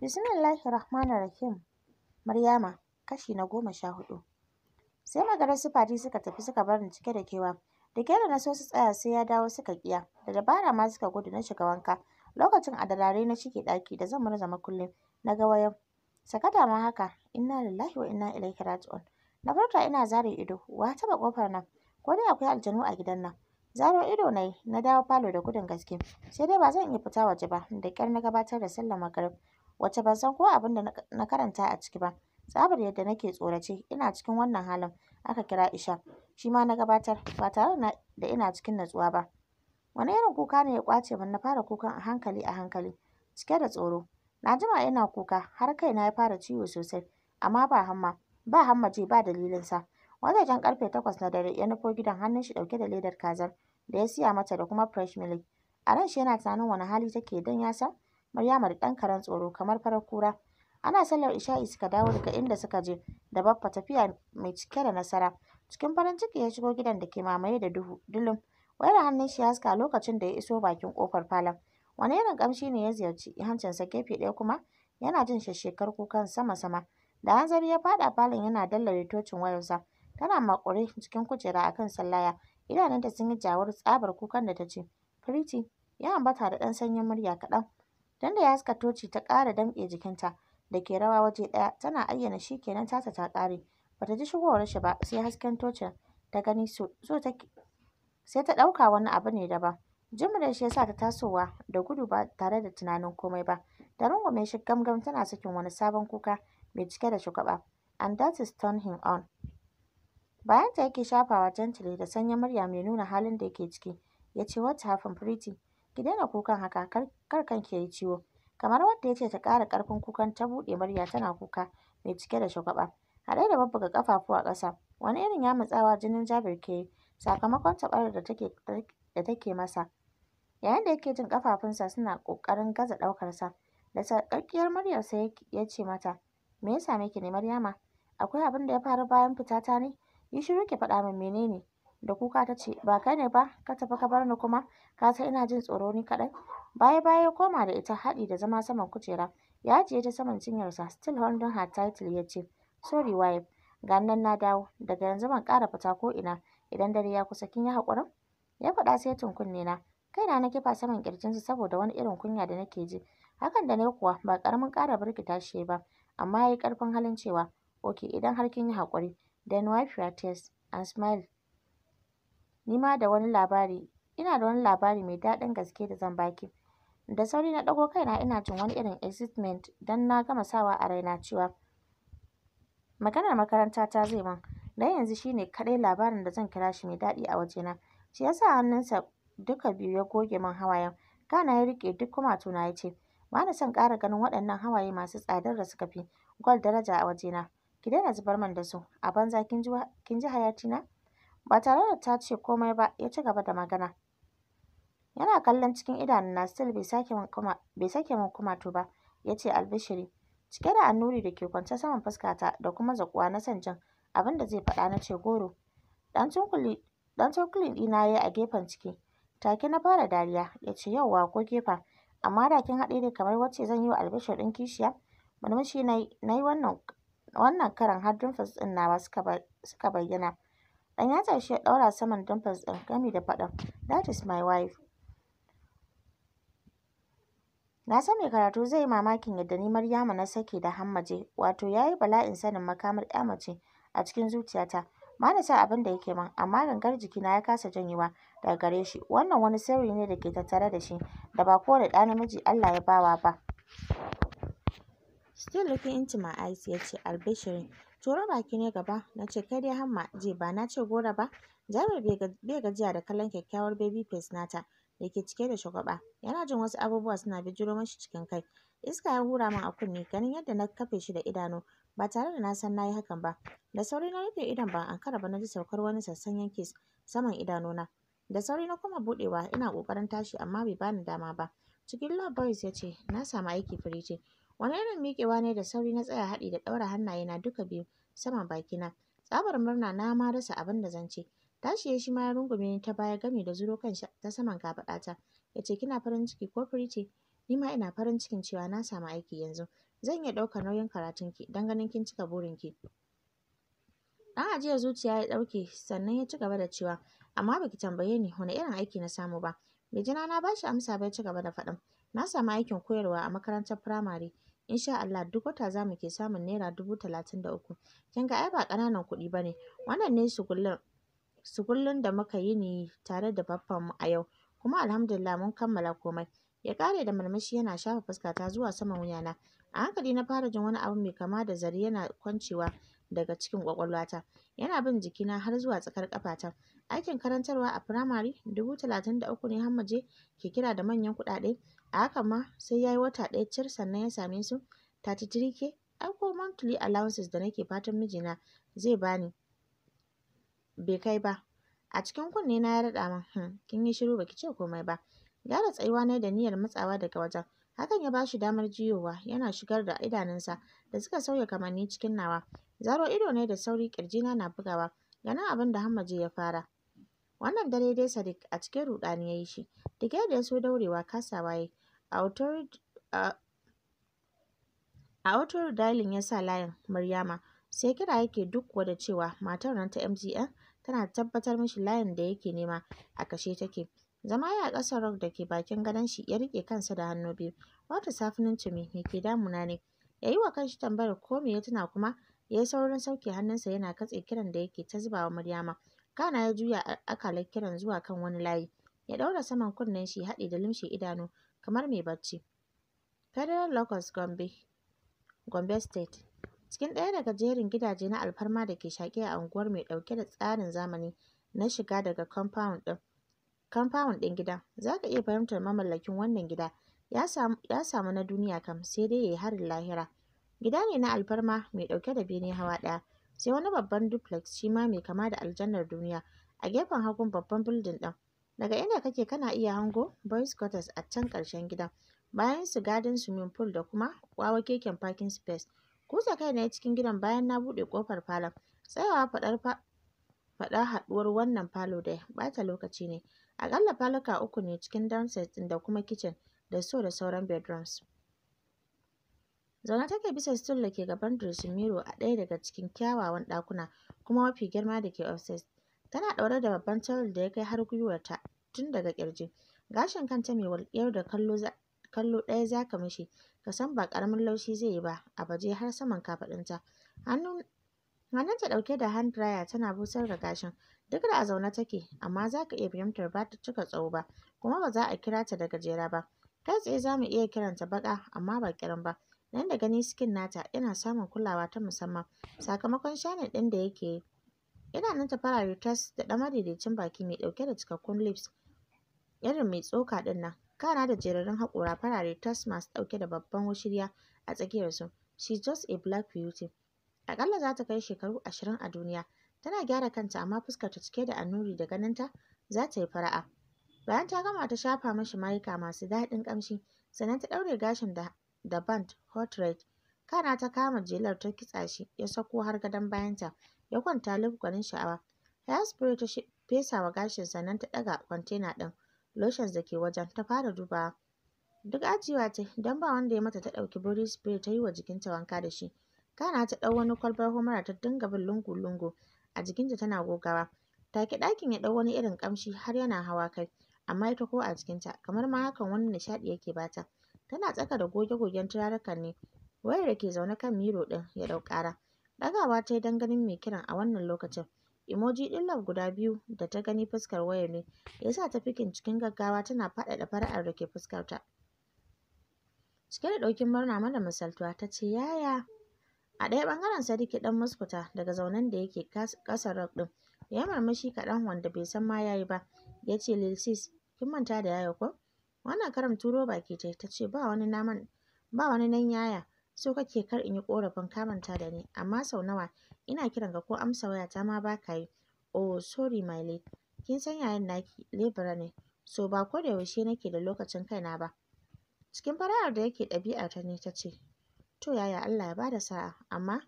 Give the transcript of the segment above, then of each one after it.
Bismillahi Rahmanir Rahim. Maryama, kashi na goma sha hudu. Sai maganar su suka tafi suka bar ni cike da kewa. Da kyara na so su tsaya sai ya dawo suka kiya. Da dabara ma suka gudu na shiga wanka. Lokacin a dalare na shige daki da zan murza makullin na ga wayo Sakata ma haka, inna lillahi wa inna ilaihi raji'un. Na farka ina zare ido, wa taba kofar nan. Ko dai akwai aljanu a gidan nan. Zaro ido na na dawo falo da gudun gaske. Sai dai ba zan iya fita waje ba, da kyar na gabatar da sallar magrib. wacce ban san ko abin da na karanta a ciki ba tsabar yadda nake tsorace ina cikin wannan halin aka kira isha shi ma na gabatar ba tare da ina cikin natsuwa ba wani irin kuka ne ya kwace min na fara kukan a hankali a hankali cike da tsoro na jima ina kuka har kaina ya fara ciwo sosai amma ba hamma ba hamma ce ba dalilin sa wajajen karfe takwas na dare ya nufo gidan hannun shi dauke da ledar kazar da ya siya mata da kuma fresh milk a ran shi yana tunanin wani hali take don ya san Maryama da ɗan karen tsoro kamar farar kura. Ana sallar isha'i suka dawo daga inda suka je da Baffa tafiya mai cike da nasara. Cikin farin ciki ya shigo gidan da ke mamaye da duhu dulum. Wayar hannun shi ya haska lokacin da ya iso bakin kofar falon. Wani irin kamshi ne ya ziyarci hancinsa gefe ɗaya kuma yana jin shekar kukan sama-sama. Da hanzari ya faɗa falon yana dallare tocin wayarsa. Tana makure cikin kujera akan sallaya. Idanunta sun yi jawar tsabar kukan da ta ce, Pretty, ya ambata da ɗan sanyin murya kaɗan. tunda ya haska toci ta ƙara damƙe jikinta da ke rawa waje ɗaya tana ayyana shi kenan tasa ta ƙare. bata ji shigowar shi ba sai hasken tocin ta gani so sai ta ɗauka wani abu ne daban. Jimre shi yasa ta tasowa da gudu ba tare da tunanin komai ba. Ta rungume shi gamgam tana sakin wani sabon kuka mai cike da shugaba And that is turn him on. Bayanta yake shafawa gently da sanyin murya mai nuna halin da yake ciki. yace ce what happened pretty? Ki daina kukan haka kar kan ki yayi ciwo. Kamar wanda ya ce ta ƙara ƙarfin kukan ta buɗe murya tana kuka mai cike da shagwaɓa. Haɗe da babbaga ƙafafu a ƙasa. Wani irin ya mutsawa jinin Jabir ke yi sakamakon taɓarar da take da take masa. Yayin da yake jin ƙafafunsa suna ƙoƙarin gaza ɗaukarsa. Da sarƙaƙƙiyar muryarsa ya ce mata, Me ya same ki ne Maryama? Akwai abin da ya faru bayan fitata ne? Yi shiru ki faɗa min menene. da kuka ta ce ba kai ne ba ka tafi ka bar ni kuma ka san ina jin tsoro ni kaɗai baya baya ya koma da ita haɗi da zama saman kujera ya ajiye ta saman cinyarsa still holding her title ya ce sorry wife ga nan na dawo daga yanzu ban ƙara fita ko ina idan dare ya kusa kin yi haƙurin ya faɗa sai kunne na kai na kifa saman ƙirjinsa saboda wani irin kunya da nake ji hakan da na kuwa ba ƙaramin ƙara birkita shi ba amma ya yi ƙarfin halin cewa ok idan har kin yi hakuri then wife your tears and smile nima da wani labari, ina da wani labari mai daɗin gaske da zan baki Da sauri na ɗago kaina ina jin wani irin excitement dan na gama sawa a raina cewa maganar makaranta ta zai man. Dan yanzu shine kaɗai labarin da zan kira shi mai daɗi a wajena. Shi hannun sa duka biyu ya goge min hawayen. Kana ya riƙe duk kumatuna ya ce, ba na son ƙara ganin waɗannan hawaye masu tsadar da suka fi gwal daraja a wajena. Ki daina zubar man da su, a banza kin ji hayatina? Ba tare da ta ce komai ba ya ci gaba da magana. Yana kallon cikin na still bai sake min kumatu ba ya ce albishiri. Cike da annuri da ke kwance saman fuskata da kuma zaƙuwa na son jin abin da zai faɗa na ce goro. Ɗan tunkulin ɗina ya a gefen ciki. Take na fara dariya ya ce yauwa ko gefen amma da kin haɗe ni kamar wacce zan yi wa albishir ɗin kishiya. Murmushi na yi wannan karan har dimples ɗin nawa suka bayyana. Ɗan yatsa shi ya ɗaura saman dimples ɗin gami da faɗin, "That is my wife." Na san mai karatu zai yi mamakin yadda ni Maryama na sake da hammaje, wato ya yi bala'in sanin makamar ‘ya mace a cikin zuciyata. Ma na sa abin da yake man amma gangar jikina ya kasa janyewa daga gare shi. Wannan wani sirri ne da ke tattare da shi, da ba kowane ɗa namiji Allah ya bawa ba. Still looking into my eyes, ya ce, "Albishirin." Turo baki ne gaba na ce kai dai hamma je ba na ce gora ba. Jabir bai gajiya da kallon kyakkyawar baby face nata da ke cike da shagwaba. Yana jin wasu abubuwa suna bijiro mashi cikin kai. Iska ya hura min a kunne ganin yadda na kafe shi da idanu ba tare da na san na yi hakan ba. Da sauri na rufe idon ban ankara ba na ji saukar wani sassan yanke saman idanu na Da sauri na koma buɗewa ina kokarin tashi amma bai bani dama ba. Cikin love Boys ya ce na samu aiki ce Wani irin miƙewa ne da sauri na tsaya haɗi da ɗaura hannaye na duka biyu saman bakina. Tsabar murna na ma rasa abin da zan ce. Tashi ya shi ma ya rungume ni ta baya gami da zuro kan ta saman kafaɗata. Ya ce kina farin ciki ko firici? Ni ma ina farin cikin cewa na samu aiki yanzu. Zan iya ɗaukar nauyin karatun ki, don ganin kin cika burin ki? Ɗan ajiyar zuciya ya ɗauke sannan ya ci gaba da cewa amma baki tambaye ni wani irin aiki na samu ba. Bai jina na bashi amsa bai ci gaba da faɗin. Na samu aikin koyarwa a makarantar firamare. insha Allah duk wata za mu ke samun naira dubu talatin da uku kin ga ai ba ƙananan kuɗi ba ne wannan ne sukullin da muka yi ne tare da mu a yau kuma alhamdulillah mun kammala komai ya ƙare da murmushi yana shafa fuskata zuwa saman wuyana a hankali na fara jin wani abu mai kama da zare yana kwancewa daga cikin ƙwaƙwalwata yana bin jikina har zuwa tsakar ƙafata aikin karantarwa a firamare dubu talatin da uku ne Hammaje ke kira da manyan kuɗaɗe A hakan ma sai ya yi wata ɗaya cir sannan ya same su 33k ai ko monthly allowances da nake fatan mijina zai bani bai kai ba. A cikin kunne na ya rada min hmm kin yi shiru baki ce komai ba. Gyara tsayuwa na da niyyar matsawa daga wajen. Hakan ya ba shi damar jiyowa yana shigar da idanunsa da suka sauya kamanni cikin nawa. Zaro ido ne da sauri ƙirjina na bugawa. Ganin abin da Hammaje ya fara. Wannan dare dai Sadiq a cikin ruɗani ya yi shi. Duk yadda ya so daurewa kasawa yayi A Autor dialing ya sa layin Maryama, sai kira yake duk kuwa cewa matar nan ta MTN tana tabbatar mishi layin da yake nema a kashe take. Zama ya ƙasa a da ke bakin gadon shi ya riƙe kansa da hannu biyu. Wata safinin happening to me? ke damuna ne?” Ya yi wa kanshi tambayar ko me ya tuna kuma ya yi saurin sauke hannunsa yana katse kiran da yake ta zuba wa Maryama. Kana ya juya akalar kiran zuwa kan wani layi, ya ɗaura saman kunnen shi haɗe da lumshe idanu kamar mai barci. Federal Locust Gombe, Gombe State. Cikin ɗaya daga jerin gidaje na alfarma da ke shaƙe a unguwar mai ɗauke da tsarin zamani na shiga daga compound ɗin. Compound ɗin gidan, za ka iya fahimtar mamallakin wannan gida ya samu, na duniya kam sai dai ya yi harin lahira. Gida ne na alfarma mai ɗauke da bene hawa ɗaya, sai wani babban duplex shi ma mai kama da aljannar duniya a gefen hagun babban building ɗin. Daga inda kake kana iya hango boys quarters a can ƙarshen gidan, bayan su gadin swimming pool da kuma wawa keken parking space. kusa kai na cikin gidan bayan na buɗe kofar falon. Tsayawa faɗar faɗa haɗuwar wannan falo da ɓata lokaci ne. Aƙalla faluka uku ne cikin downstairs ɗin da kuma kitchen da so da sauran bedrooms. Zaune take bisa stool da ke gaban dressing mirror a ɗaya daga cikin kyawawan ɗakuna kuma mafi girma da ke upstairs. Tana ɗaure da babban tawul da ya kai har ta tun daga ƙirji. Gashin kanta mai walƙiyar da kallo ɗaya za ka mishi, ka san ba ƙaramin laushi zai yi ba a baje har saman Hannun Hannunta ɗauke da hand dryer tana busar da gashin. Duk da a zaune take, amma za ka iya fahimtar ba ta cika tsawo ba, kuma ba za a kira ta da gajera ba. Kai tsaye za mu iya kiranta baƙa amma ba ƙirin ba. Nan da gani skin nata yana samun kulawa ta musamman sakamakon shanin ɗin da yake yi. nan farare tas da ɗan madaidaicin baki mai ɗauke da cikakkun lips irin mai tsoka ɗin nan. Kana da jerarin haƙora farare tas masu ɗauke da babban wushirya a tsakiyarsu. She just a black beauty. Aƙalla za ta kai shekaru ashirin a duniya. Tana gyara kanta amma ta cike da annuri da ganinta za ta yi fara'a. Bayan ta gama ta shafa mashi mayuka masu daɗin ƙamshi sannan ta ɗaure gashin da, da band hot Kana ta kama jelar ta kitsa shi ya sako har gadon bayanta. ya kwanta lub sha'awa sha'awa. Hairspray ta fesa wa gashin sannan ta ɗaga kwantena ɗin lotions da ke wajen ta fara dubawa. Duk ajiyewa ce, don ba wanda ya mata ta ɗauki body spray ta yi wa jikinta wanka da shi. Kana ta ɗau wani kwalbar humra ta dinga bin lungu-lungu a jikinta tana gogawa. Take ɗakin ya ɗau wani irin kamshi, har yana hawa kai, amma ita ko a jikinta kamar ma hakan wani nishaɗi yake bata. Tana tsaka da goge-gogen turarukan ne wayar da ke zaune kan miro ɗin ya ɗau ƙara. Ɗagawa ta yi don ganin mai kiran a wannan lokacin. Emoji ɗin love guda biyu da ta gani fuskar wayar ne ya sa ta fikin cikin gaggawa tana faɗaɗa fara'ar da ke fuskarta. Cike da ɗaukin murna mana misaltuwa ta ce yaya. A ɗaya ɓangaren Sadiki ɗan muskuta daga zaunen da yake ƙasa rock ɗin ya murmushi kaɗan wanda bai san ma yayi ba ya ce Lil sis kin manta da yaya ko? Wannan karam turo baki ta ta ce ba wani naman ba wani nan yaya so kake kar in yi ƙorafin kamanta ta da ni amma sau nawa ina kiran ka ko amsa wayata ma ba ka yi oh sorry my lady kin san yayan naki lebura ne so ba ko da yaushe nake da lokacin kaina ba cikin fara'ar da yake ɗabi'ar ta ne ta ce to yaya Allah ya bada sa'a amma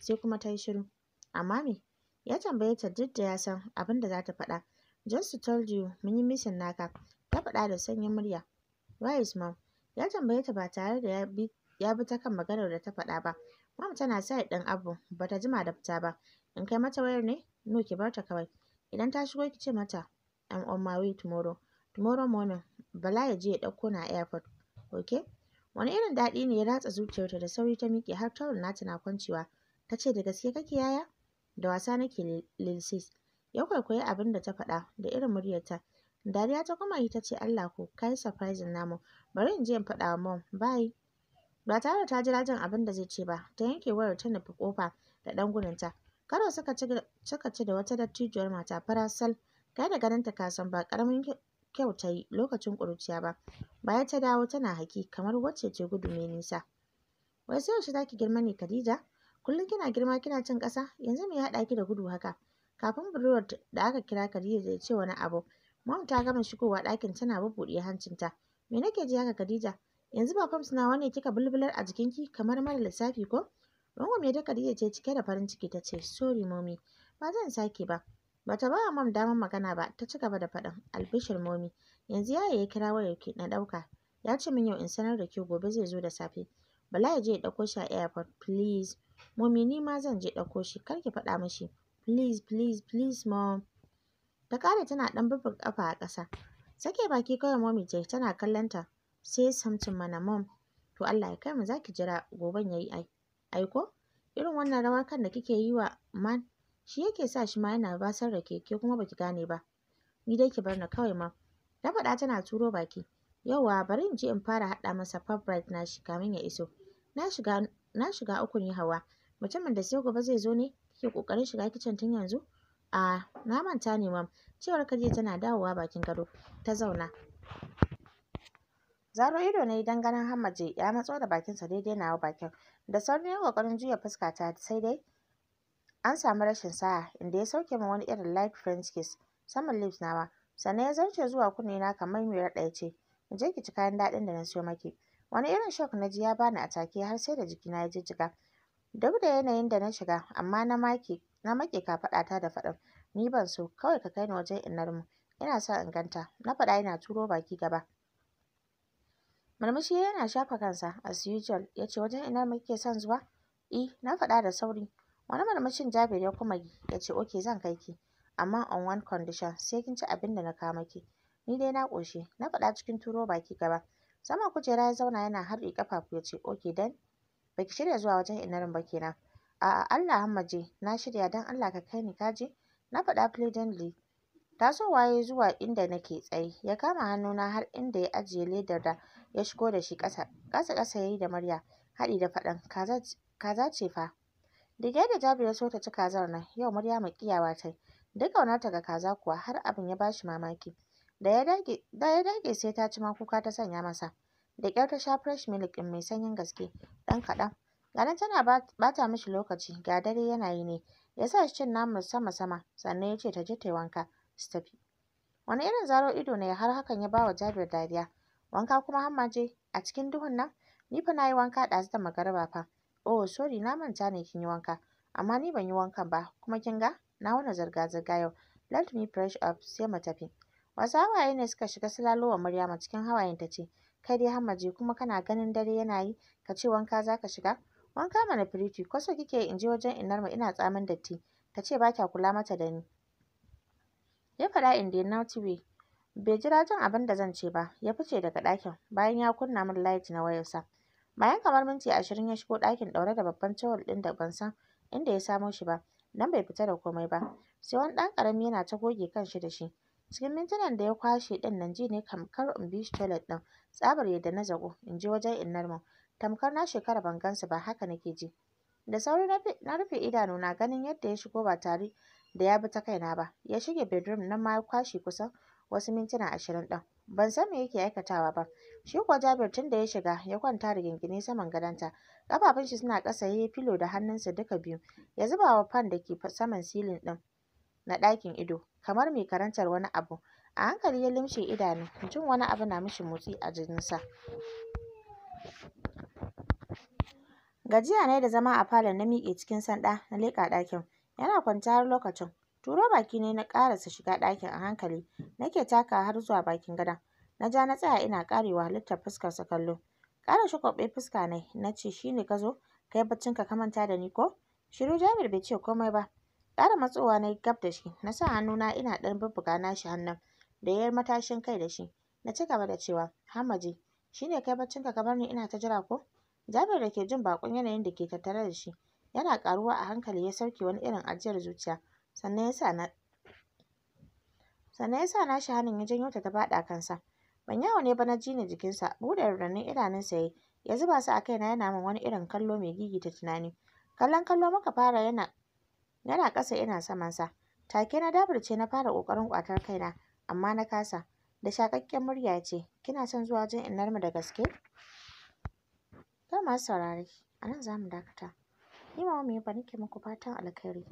sai kuma ta yi shiru amma me ya tambaye ta duk da ya san abin da za ta faɗa just to tell you mun yi mission naka ta faɗa da sanyin murya why is mom ya tambaye ta ba tare da ya bi ya bi ta kan maganar da ta faɗa ba. Mam tana sayar ɗan abu ba ta jima da fita ba. In kai mata wayar ne? No ki bar ta kawai. Idan ta shigo ki ce mata I'm on my way tomorrow. Tomorrow morning Bala ya je ya ɗauko na airport. Ok? Wani irin daɗi ne ya ratsa zuciyarta da sauri ta miƙe har tawul nata na kwancewa. Ta ce da gaske kake yaya? Da wasa nake lilsis Ya kwaikwayi abin da ta faɗa da irin muryarta. Dariya ta kuma yi ta ce Allah ko kai surprising namu. Bari in je in faɗawa wa mom. Bye. ba tare ta ji rajin abin da zai ce ba ta yanke wayar ta nufi kofa da ɗan gudunta karo suka ci ci da wata dattijuwar mata farasal kai da ganin ka kasan ba karamin kyau ta yi lokacin ƙuruciya ba bayan ta dawo tana haki kamar wacce ce gudu mai nisa wai sai yaushe zaki girma ne Khadija kullum kina girma kina cin ƙasa yanzu me ya haɗa ki da gudu haka kafin budurwar da aka kira Khadija zai ce wani abu Mom ta gama shigowa ɗakin tana bubbuɗe hancinta me nake ji haka Khadija yanzu ba kwams nawa ne kika bulbular a jikinki kamar mara lissafi ko rungume mai da ce cike da farin ciki ta ce Sori, momi. ba zan sake ba bata ba wa mam damar magana ba ta ci gaba da faɗin albishir momi yanzu yaya ya kira wayar ki na ɗauka ya ce min yau in sanar da ke gobe zai zo da safe bala ya je ya ɗauko shi a airport please momi ni ma zan je ɗauko shi kar ki faɗa mishi please please please mom ta kare tana ɗan bubbuga ƙafa a ƙasa sake baki kawai momi ce tana kallon ta Say something mana mom. To Allah ya kai mu zaki jira goben yayi yi ai. Aiko, irin wannan rawa kan da kike yi wa man shi yake sa shi ma yana basar da rake ke kuma baki gane ba. Ni dai ki bar na kawai ma. Ta faɗa tana turo baki. Yauwa bari in je in fara hada masa fabric na shi kamin ya iso. Na shiga na shiga uku ne hawa. Mutumin da sai gobe zai zo ne kike kokarin shiga kicin tun yanzu? A ah, na manta ne mam. Cewar kaje tana dawowa bakin gado. Ta zauna. Zaro ido na yi don ganin Hammaje ya matso da sa daidai nawa bakin. Da sauri ya kokarin juya ta sai dai an samu rashin sa'a inda ya sauke min wani irin light french kiss saman lips nawa sannan ya zarce zuwa kunne na kamar mai ya ce in je ki ci kayan daɗin da na siyo maki wani irin shock na ji ya bani a take har sai da jikina ya jijjiga duk da yanayin da na shiga amma na make na make kafaɗata da faɗin ni ban so kawai ka kai ni wajen inarmu. ina sa in ganta na faɗa ina turo baki gaba Murmushi yana shafa kansa as usual ya ce wajen ina muke son zuwa? E, na faɗa da sauri. Wani marmashin Jabir ya kuma yi ya ce okay zan kai ki amma on one condition sai kin ci abin da na kawo maki. Ni dai na ƙoshi na faɗa cikin turo baki gaba. Sama kujera ya zauna yana harɗe ƙafafu ya ce okay dan baki shirya zuwa wajen inarin ba kenan. A'a Allah Hammaje na shirya dan Allah ka kai ni kaje? Na faɗa pleadingly tasowa ya yi zuwa inda nake tsaye ya kama hannuna har inda ya ajiye ledar da ya shigo da shi ƙasa ƙasa ƙasa ya yi da murya haɗi da faɗan kaza ce fa duk da jabi ya so ta ci kazar nan yau murya mai ƙiyawa ta duk ta ga kaza kuwa har abin ya bashi mamaki da ya dage sai ta ci ma kuka ta sanya masa da ƙyar ta sha fresh milk ɗin mai sanyin gaske ɗan kaɗan ganin tana bata mishi lokaci ga dare yana yi ne ya sa shi cin naman sama sama sannan ya ce ta je ta yi wanka su wani irin zaro ido ne har hakan ya bawa Jabir dariya wanka kuma hammaje a cikin duhun nan ni fa nayi wanka ɗazu da magaraba fa oh sorry na manta ne kin yi wanka amma ni ban yi wanka ba kuma kin ga na wani zirga zirga yau let me fresh up sai mu tafi wasu hawaye ne suka shiga silalowa Maryama cikin hawayen ta ce kai dai hammaje kuma kana ganin dare yana yi ka ce wanka zaka shiga wanka mana firiti kwaso kike kike in je wajen inarmu ina tsamin datti ta ce ba kya kula mata da ni ya faɗa in dai na tube Bai jira jin abin da zan ce ba, ya fice daga ɗakin bayan ya kunna min light na wayarsa. Bayan kamar minti ashirin ya shigo ɗakin ɗaure da babban towel ɗin da ban san inda ya samo shi ba, nan bai fita da komai ba. Sai wani ɗan ƙarami yana ta goge kan shi da shi. Cikin mintunan da ya kwashe ɗin nan ji ne kamkar in bi shi toilet ɗin, tsabar yadda na zago in ji wajen innar mu. Tamkar na shekara ban gansu ba haka nake ji. Da sauri na rufe idanu na ganin yadda ya shigo ba tare da ya bi ta kaina ba ya shige bedroom nan ma ya kwashe kusan wasu mintuna ashirin ɗin ban san me yake aikatawa ba shi kuwa jabir tun da ya shiga ya kwanta da gingine saman gadonta ƙafafun shi suna ƙasa ya yi filo da hannunsa duka biyu ya zuba wa fan da ke saman silin ɗin na ɗakin ido kamar mai karantar wani abu a hankali ya limshe idanu jin wani abu na mishi motsi a jininsa gajiya ne da zama a falon na miƙe cikin sanda na leƙa ɗakin Yana kwance har lokacin. Turo baki ne na karasa shiga ɗakin a hankali. Nake taka har zuwa bakin gada. Na ja na tsaya ina ƙarewa halittar sa kallo. Ƙara shakwaɓe fuska ne, na ce shi ka zo kai baccin ka manta da ni ko? Shiru Jabir bai ce komai ba. Ƙara matsowa na yi gab da shi. Na sa hannuna ina ɗan bubbuga nashi hannun da ya matashin kai da shi. Na ci gaba da cewa Hamaji shi ne ka ka bar ni ina ta jira ko? Jabir da ke jin baƙon yanayin da ke tattare da shi Yana ƙaruwa a hankali ya sauke wani irin ajiyar zuciya, sannan ya sa na sannan ya sa shi hannun ya janyo ta ta faɗa kansa. Ban yawo ne ba na ji ni jikinsa, buɗe raunanin idanunsa ya yi, ya zuba su a kaina yana min wani irin kallo mai gigita tunani. Kallon kallo muka fara yana yana ƙasa ina samansa. Take na ce na fara ƙoƙarin ƙwatar kaina, amma na kasa. Da shaƙaƙƙen murya ce, kina son zuwa wajen innarmu da gaske? To masu saurare, a nan za mu dakata. Ni Mama Maimuna nake muku fatan alkhairi.